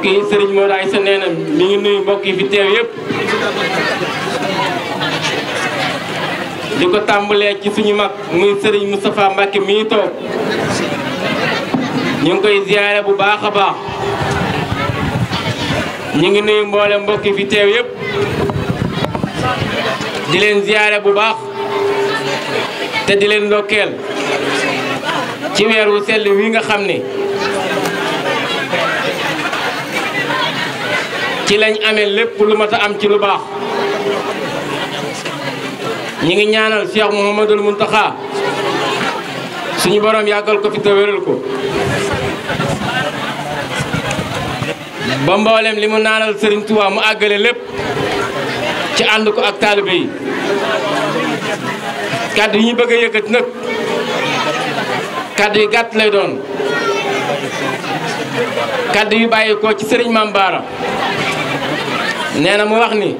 mbokk yi Serigne Modou Aïssa nee na mi ngi nuyu mbokk yi fi teew yëpp. di ko tàmbalee ci suñu mag muy Serigne Moustapha Mbacke ñu ngi koy ziyaare bu baax a baax. ñu ngi nuyu mboole mbokk yi yëpp. di leen ziyaare bu baax te di leen ndokkeel ci weer wu sell wi nga xam ne. ci lañ amee lépp lu mat a am ci lu baax ñu ngi ñaanal Cheikh mu Mountakha suñu borom yàggal ko fi wéral ko ba mboolem li mu naanal Serigne Touba mu àggale lépp ci ànd ko ak taalibe yi kàddu yi ñu bëgg a yëkkati nag yi gàtt lay doon kàddu yi bàyyi ko ci sëriñ Mame nee na mu wax ni.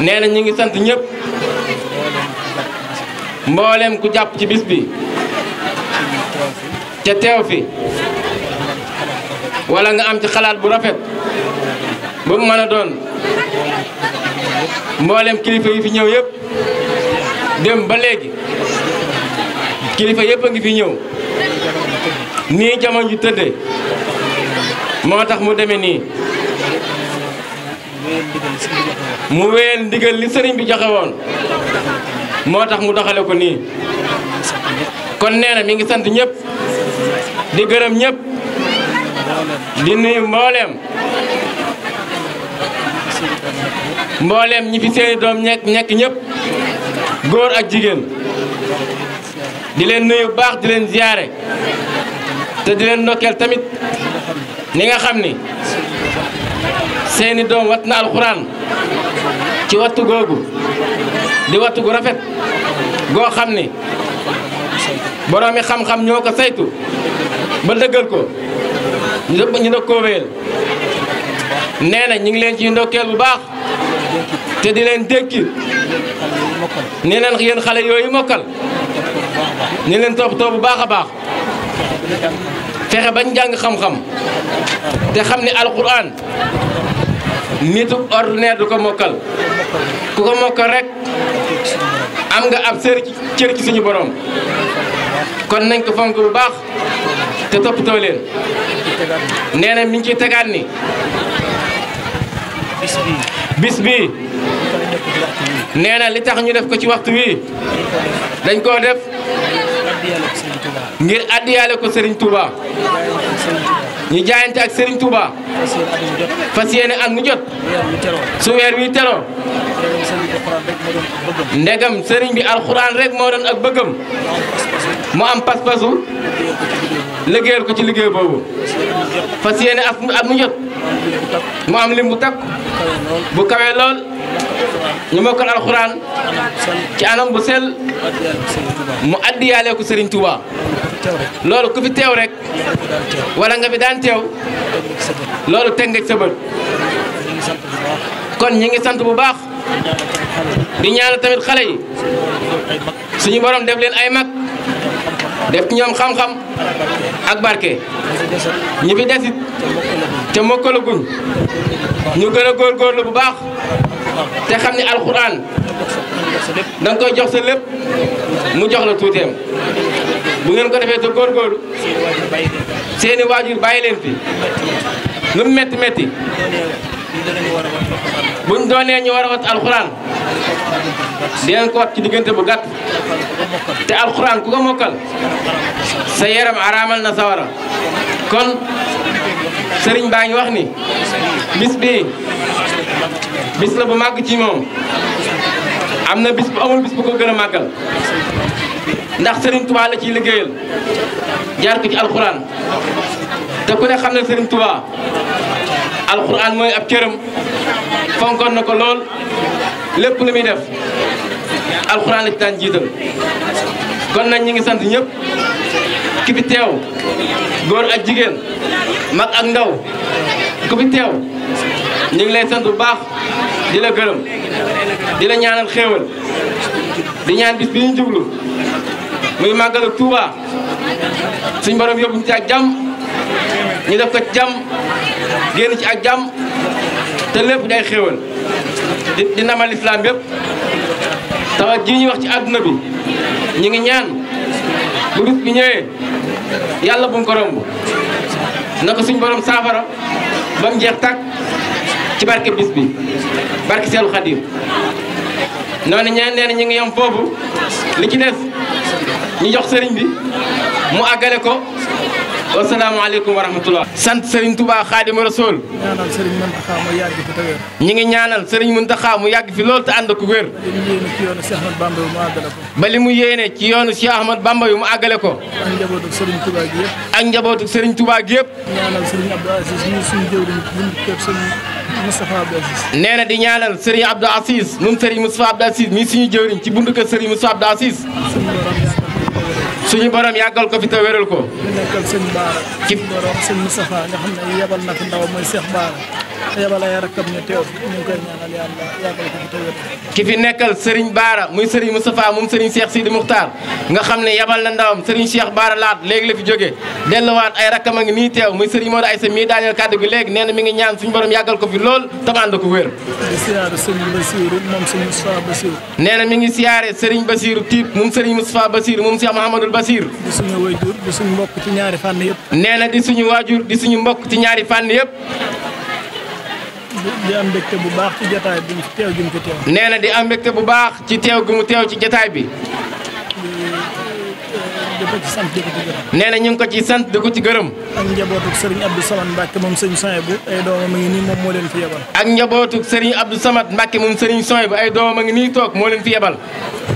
nee na ñu ngi sant ñëpp. mboolem ku jàpp ci bis bi. ca teew fi. wala nga am ci xalaat bu rafet. bu mën a doon. mboolem kilifa yi fi ñëw yépp dem ba léegi. kilifa yépp a ngi fi ñëw. nii jamono ju tëddee. moo tax mu demee nii. mu wéyal ndigal li sëriñ bi joxe woon moo tax mu doxale ko nii kon neena na mi ngi sant ñëpp di gërëm ñépp di nuyu mbooleem mbooleem ñi fi seeni doom ñekk ñekk góor ak jigéen di leen nuyu baax di leen ziyaare te di leen ndokkeel tamit ni nga xam ni seeni doom wat na alxuraan ci wattu googu di wattu gu rafet goo xam ni boroomi xam-xam ñoo ko saytu ba dëggal ko ñu dog koo wéyal nee na ñu ngi leen ci ndokkeel bu baax te di leen dénki nee nañ yéen xale yooyu mokkal ni leen toppatoo bu baax a baax fexe bañ jàng xam-xam te xam ni alxuraan nitu ordinaire du ko mokkal ku ko mokkal rek am nga ab sër cër ci suñu borom kon nañ ko fonk bu baax te toppatoo leen nee na miñ ngi ciy ni bis bi nee na li tax ñu def ko ci waxtu wi dañ koo def ngir addiyaale ko sëriñ Touba. ñu jaayante ak Serigne Touba. fas yéene ak mu jot. su weer wi teroo. ndegam Serigne bi alxuraan rek moo doon ak bëggam. mu am pas-pasu. ko ci liggéey boobu. fas yéene ak mu jot. mu am lim bu takk. bu kawee lool. ñu mokkal alxuraan. ci anam bu sell. mu addiyaale ko Serigne Touba. loolu ku fi teew rek. walla nga fi daan teew. loolu teg nga sa kon ñi ngi sant bu baax. di ñaanal tamit xale yi. suñu borom def leen ay mag. def ci ñoom xam-xam ak barke ñi fi desit te mokkalaguñ ñu gën a góorgóorlu bu baax te xam ni alxuraan da nga koy jox sa lépp mu jox la tuuteem. bu ngeen ko defee te góorgóorlu seeni waajur bàyyi leen fi lu mu métti métti buñ war a wat alxuraan dinañ ko wat ci diggante bu gàtt te alxuraan ku ko mokkal sa yaram araamal na sawara kon sëriñ baa ngi wax ni bis bii bu màgg ci moom am na bis bu amul bis ko gën a màggal ndax Serigne Touba la ciy liggéeyal jaar ko ci alxuraan te ku ne xam ne Serigne Touba alxuraan mooy ab cëram fonkoon na ko lool lépp lu muy def alxuraan la ci daan jiital kon nag ñi ngi sant ñëpp ki fi teew góor ak jigéen mag ak ndaw ku fi teew ñu ngi lay sant bu baax di la gërëm di la ñaanal xéewal di ñaan bis bi jublu muy màggalu Touba suñ borom yóbbu ñu ci ak jàmm ñu def ko jàmm génn ci ak jàmm te lépp day xéewal di di namal bépp tawa ji ñuy wax ci àdduna bi ñu ngi ñaan bu bis bi ñëwee yàlla bu mu ko na suñ borom saafara ba mu jeex tàkk ci barke bis bi barke seelu Xadim noonu ñaan nee ñu ngi yem foofu li ci des ñu jox sëriñ bi mu àggale ko wasalaamaaleykum wa rahmatullah sant sëriñ Touba Xaadimu Rasuul ñi ngi ñaanal sëriñ Muntaxa mu yàgg fi loolu te ànd ak ku wér ba li mu yéene ci yoonu Cheikh Ahmad Bamba yu mu àggale ko ak njabootu sëriñ Touba gi yëpp nee na di ñaanal sëriñ Abdou Aziz moom sëriñ Moustapha Abdou Aziz mii suñu jëwriñ ci buntu kër sëriñ Moustapha Abdou Aziz suñu borom yàggal ko fi te wéral ko. ki nekkal sëñ Baara. ki borom sëñ Moustapha nga xam ne yebal na fi ndaw mooy Cheikh Baara. yebal ay rakkam ñu teew fi teew ki fi nekkal Serigne Baara muy Serigne Moustapha moom Serigne Cheikh Sidi Moukhtar nga xam ne yebal na ndawam Serigne Cheikh Baara laat léegi la fi jógee delluwaat ay rakkam a ngi nii teew muy Serigne Modou Aïssa mii daaneel kàddu gi léegi nee na mi ngi ñaan suñ borom yàggal ko fi lool tam ko wér di siyaare Serigne Bassirou moom Serigne Moustapha Bassirou nee na mi ngi siyaare Serigne Bassirou Tiib moom Serigne Moustapha Bassirou moom Cheikh Mouhamadoul Bassirou di suñu waajur di suñu mbokk ci ñaari fànn nee na di suñu waajur di suñu mbokk ci ñaari fànn yëpp di am mbégte bu baax ci jataay bi teew gi mu ci teew. nee na di am mbégte bu baax ci teew gi mu teew ci jataay bi. ko ci sant di ko ci gërëm. nee na ñu ngi ko ci sant di ko ci gërëm. ak njabootuk Serigne Abdou Samad Mbacke moom Serigne Souhaïbou ay doomam a ngi nii moom moo leen fi yebal. ak njabootuk Serigne Abdou Samad Mbacke moom Serigne Souhaïbou ay doomam a ngi nii toog moo leen fi yebal.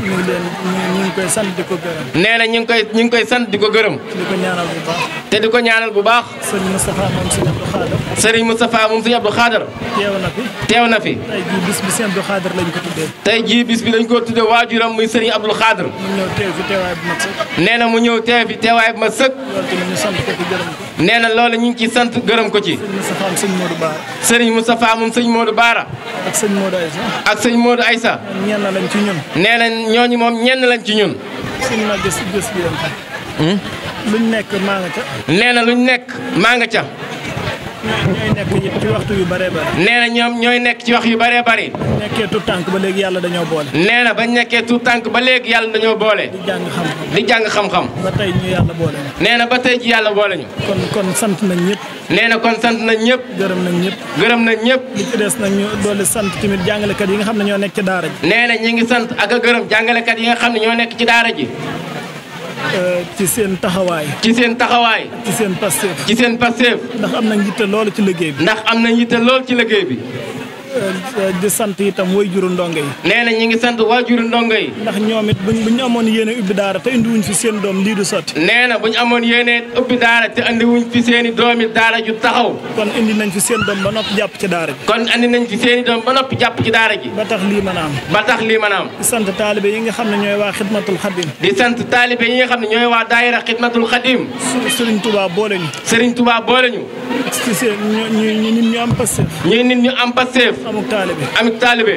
ñu ngi leen ñu ngi koy sant di ko gërëm. nee na ñu ngi koy ñu ngi koy sant di ko gërëm. di ko ñaanal bu baax. te di ko ñaanal bu baax. Serigne Moustapha moom Serigne Abdou Khader. Serigne Moustapha moom Serigne Abdou Khader. teew na fi teew na fi. tey jii bis bi Serigne Abdou Khader lañ ko tuddee. tey jii bis bi lañ ko tuddee waajuram muy Serigne Abdou Khader. mu ñëw teew fi teewaay bu mat sax. nee na mu ñëw teew fi teewaay ma sëkk. nee na loolu ñu ngi ciy sant gërëm ko ci. Serigne Moustapha moom sëñ Modou Baara. sëñ Modou ak sëñ Modou Aïssa. ñenn lañ ci ñun. nee na ñooñu moom ñenn lañ ci ñun. Hmm? luñ nekk maa nga nee na luñ nekk maa nga ca. ñooy nekk ci waxtu yu bëree bëri. nee na ñoom ñooy nekk ci wax yu bëree bëri. nekkee tout tànk ba léegi yàlla dañoo boole. nee na bañ nekkee tànk ba léegi yàlla dañoo boole. di jàng xam-xam di jàng xam-xam. ba tey ñu yàlla boole ñu. nee na ba tey ji yàlla boole ñu. kon kon sant nañ ñëpp. nee na kon sant nañ ñëpp. gërëm nañ ñëpp. gërëm nañ ñëpp. li ci des nag ñu doole sant tamit jàngalekat yi nga xam ne ñoo nekk ci daara ji. nee na ñi ngi sant ak a gërëm jàngalekat yi nga xam ne ñoo nekk ci daara ji Euh, ci seen taxawaay. ci seen taxawaay. ci seen pasteef. ci seen pasteef. ndax am na njitte lool ci liggéey bi. ndax am na njitte lool ci liggéey bi. Euh, di sant itam waajuru ndongo yi nee na ñi ngi sant waajuru ndongo yi ndax ñoom it buñ amoon yéene ubbi daara te indiwuñ fi seen doom lii du sotti nee na buñu amoon yéene ubbi daara te indiwuñ fi seen i doomi daara ju taxaw kon indi nañ fi seen doom ba noppi jàpp ci daara ji i doom ba noppi jàpp ci daara ji ba tax lii mën a am ba tax lii mën a am di sant taalibe yi nga xam ne ñooy waa xidmatul xadim di sant taalibe yi xam ne ñooy waa daayira xidmatul xadim Serigne Touba boole ñu amuk taalibe amuk taalibe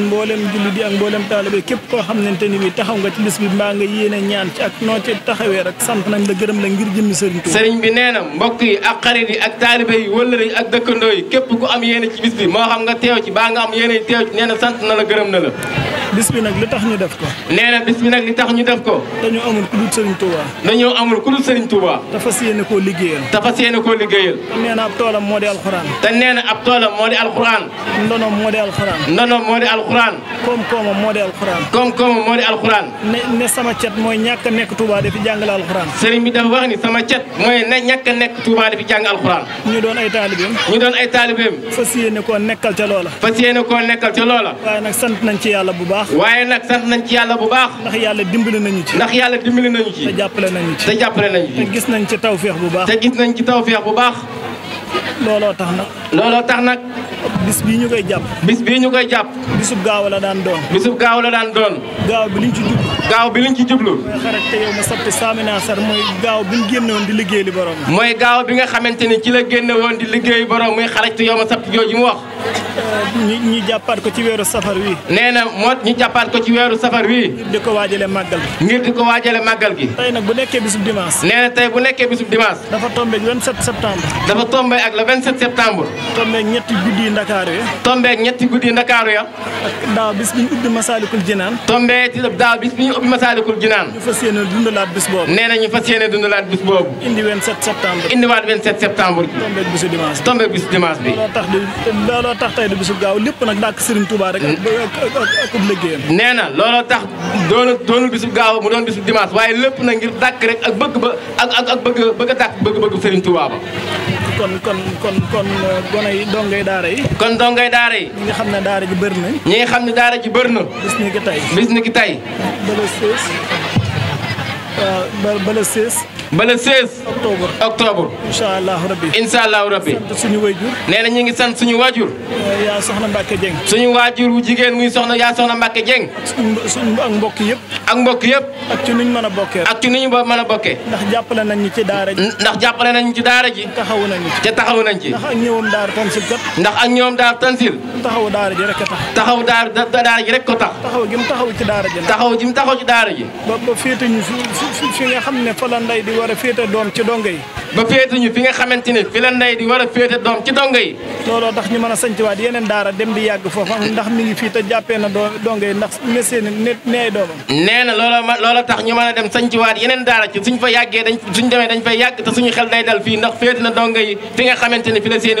mboolem julli di ak képp koo xam xamante ni bi taxaw nga ci bis bi mbaa nga yéene ñaan ci ak noo ci taxawee rek sant nañ la gërëm la ngir jëmmi sëriñ Tuuba sëriñ bi nee na mbokk yi ak xarit yi ak taalibe yi wëllëre yi ak dëkkandoo yi képp ku am yéene ci bis bi moo xam nga teew ci baa nga am yéene teew ci nee na sant na la gërëm na la bis bi nag li tax ñu def ko nee na bis bi nag li tax ñu def ko dañoo amul ku dul sëriñ Touba dañoo amul ku dul sëriñ Touba dafa fas koo liggéeyal te fas koo liggéeyal te nee moo di ab toolam moo di alxuraan. ndonoom moo di alxuraan. ndonoom moo koom-koomam moo di alxuraan. koom-koomam moo di alxuraan. ne sama cet mooy ñàkk a nekk Touba dafi jàngale alxuraan. sëriñ bi dafa wax ni sama cet mooy ñàkk nekk Touba dafi jàng alxuraan. ñu doon ay taalibeem. ñu doon ay taalibeem. fas yéene koo nekkal ca loola. fas yéene koo nekkal ca loola. waaye nag sant nañ ci yàlla bu baax. waaye nag sant nañ ci yàlla bu baax. ndax yàlla dimbali nañu ci. ndax yàlla dimbali nañu jàppale nañu ci. te jàppale gis nañ ci tawféex bu baax. te gis nañ ci tawféex bu baax looloo tax nag. looloo tax nag. bis bii ñu koy jàpp. bis bii ñu koy jàpp. bisub gaaw la daan doon. bisub gaaw la daan doon. gaaw bi liñ ci jublu. gaaw bi liñ ci jublu. mooy xarak te yow ma sabti saamina sar mooy gaaw bi ñu génnewoon di liggéey li borom. mooy gaaw bi nga xamante ni ci la génnewoon di liggéey borom muy xarak te yow ma sabti jooju mu wax. ñu jàppaat ko ci weeru safar wi nee na moo ñu jàppaat ko ci weeru safar wi ngir di ko waajale màggal gi ngir di ko waajale màggal gi tey nag bu nekkee bisub dimanche nee na tey bu nekkee bisub dimanche dafa tombé le 27 septembre dafa tombé ak le 27 septembre tombé ak ñetti guddi yi ndakaaru ya tombé ak ñetti guddi yi ndakaaru ya ak daaw bis bi ñu ubbi masaalikul jinaan tombé ci daaw bis bi ñu ubbi masaalikul jinaan ñu fas yéene dundalaat bis boobu nee na ñu fas yéene dundalaat bis boobu indi 27 septembre indiwaat 27 septembre bi tombé bisu dimanche tombé bisu dimanche bi looloo tax tey du bisub gaaw lépp na dàkk Serigne Touba rek. ak nee na looloo tax doon doonul bisub gaaw mu doon bisub dimanche waaye lépp nag ngir dàkk rek ak bëgg ba ak ak ak bëgg bëgg a dàkk bëgg-bëgg Serigne Touba ba. kon kon kon kon uh, gone yi dongay daara yi. kon dongay daara yi. ñi nga xam ne daara ji bëri na. ñi xam ne daara ji bëri na. bis ni ki tey Euh, ba le 16. ba le 16. octobre octobre. incha allahu rabbi. incha allahu rabbi. sant suñu na ñu ngi sant suñu waajur. Euh, yaa soxna Mbacke Dieng. suñu waajur wu jigéen muy soxna yaa soxna Mbacke Dieng. ak mbokk yëpp. ak mbokk yëpp. ak ci nuñ mën a bokkee. ak ci nuñ mën a bokkee. ndax jàppale nañ ñu ci daara ji. ndax jàppale nañ ci daara ji. taxawu nañ ci te taxaw nañ ci. ndax ak ñëwam daar tansil kat. ndax ak ñëwam daar tansil. taxawu daara ji rek ko tax. taxawu daara daara ji rek ko tax. taxawu gi mu ci daara ji. taxawu gi ji. ba ba féete ñu fi suuf fi nga xam ne fa la ndey di war a féete doom ci dongo yi ba féete fi nga xamante ni fi la ndey di war a féete doom ci donga yi looloo tax ñu mën a sañciwaat yeneen daara dem di yàgg foofa ndax mi ngi fii te jàppee na donga yi ndax meseeni ne neey doomam nee na looloo ma looloo tax ñu mën a dem sañciwaat yeneen daara ci suñ fa yàggee dañ suñ demee dañ fay yàgg te suñu xel day dal fii ndax féete na donga yi fi nga xamante ni fi la seen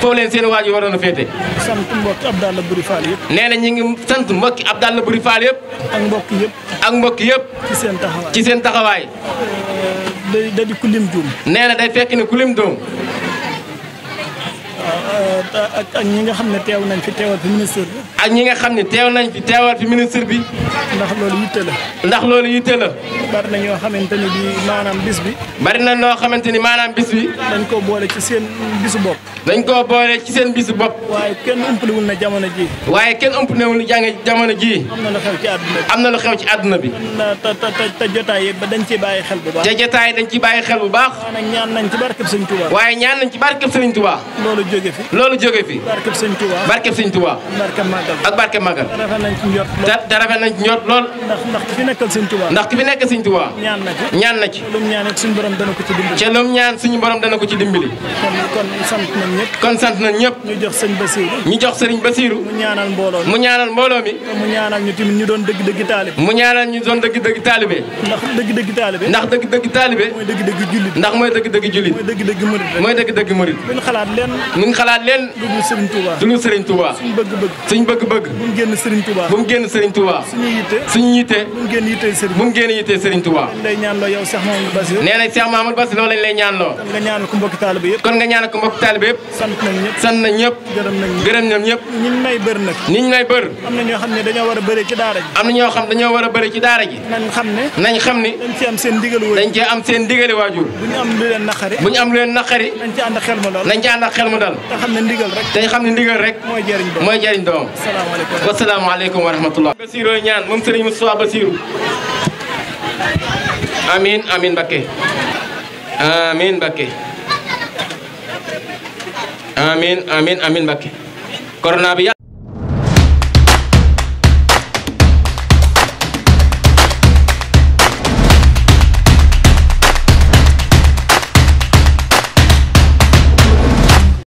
foofu leen seen waaj yi waroon a féete sant mbokki Abdalla Buri Fall yëpp nee na ñu ngi sant mbokki Abdalla Buri Fall yëpp ak mbokk yëpp ak mbokk yëpp ci seen taxawaay euh, day da di kulim nee na day fekk ne kulim doom ah, ah, ak ak ñi nga xam ne teew nañ fi teewal fi ministre bi. ak ñi nga xam ne teew nañ fi teewal fi ministre bi. ndax loolu yitte la. ndax loolu yitte la. bari na ñoo xamante ni bi maanaam bis bi. bari na noo xamante ni maanaam bis bi. dañ ko boole ci seen bisu bopp. dañ koo boole ci seen bisu bopp. waaye kenn umpalewul na jamono ji waaye kenn umpalewul jàng jamono ji am na lu xew ci àdduna bi. na lu xew ci àdduna bi. te te te jotaay yi dañ ciy bàyyi xel bu baax. dañ ciy bàyyi xel bu baax. waaye ñaan nañ ci barkeb Sëñ Tuubaa. waaye ñaan nañ ci barkeb Sëñ Tuubaa. loolu jóge fi. loolu jóge fi. barkeb Sëñ Tuubaa. barkeb Sëñ ak barkeb Màggal. te rafet nañ ci njort lool. te rafet nañ ci njort lool. ndax ndax ki fi nekkal Sëñ Tuubaa. ndax ki ñaan na ci ñaan na ci. te lu mu ñaan suñu borom dana ko ci dimbali. nañ ñëpp. kon sant nañ ñëpp. ñu jox sëriñ Basiiru. mu ñaanal mbooloo mu ñaanal mbooloo mu ñaanal ñu doon dëgg-dëgg taalibe. mu dëgg-dëgg taalibe. ndax dëgg-dëgg taalibe. ndax mooy dëgg-dëgg jullit. ndax mooy dëgg-dëgg murit. mooy dëgg-dëgg murit. buñ xalaat xalaat leen. du ñu sëriñ Touba. du ñu bëgg-bëgg. bu mu génn sëriñ Touba. bu mu génn sëriñ Touba. suñu yitte. suñu yitte. bu lay ñaan loo kon nga ñaanal ko taalibe yëpp. sant nañ ñëpp sant nañ ñëpp. gërëm nañ ñëpp gërëm nañ ñëpp. ñi may bër nag. ñi ñu may bër. am na ñoo xam ne dañoo war a bëri ci daara ji. am na ñoo xam dañoo war a bëri ci daara ji. xam ne. nañ xam ni. dañ cee am seen ndigal waajur cee am seen ndigal waajur. bu ñu am lu leen naqari. bu ñu am lu leen naqari. nañ ci ànd ak xel mu dal. nañ ci ànd ak xel mu dal. te xam ne ndigal rek. te xam ne ndigal rek. mooy jëriñ doom mooy jëriñ doom. wasalaamaaleykum wa rahmatullah. Basirou ñaan moom Serigne Moustapha Basirou. Amin amin Mbacké. Amin Mbacké. amin amin amin Mbacke corona bi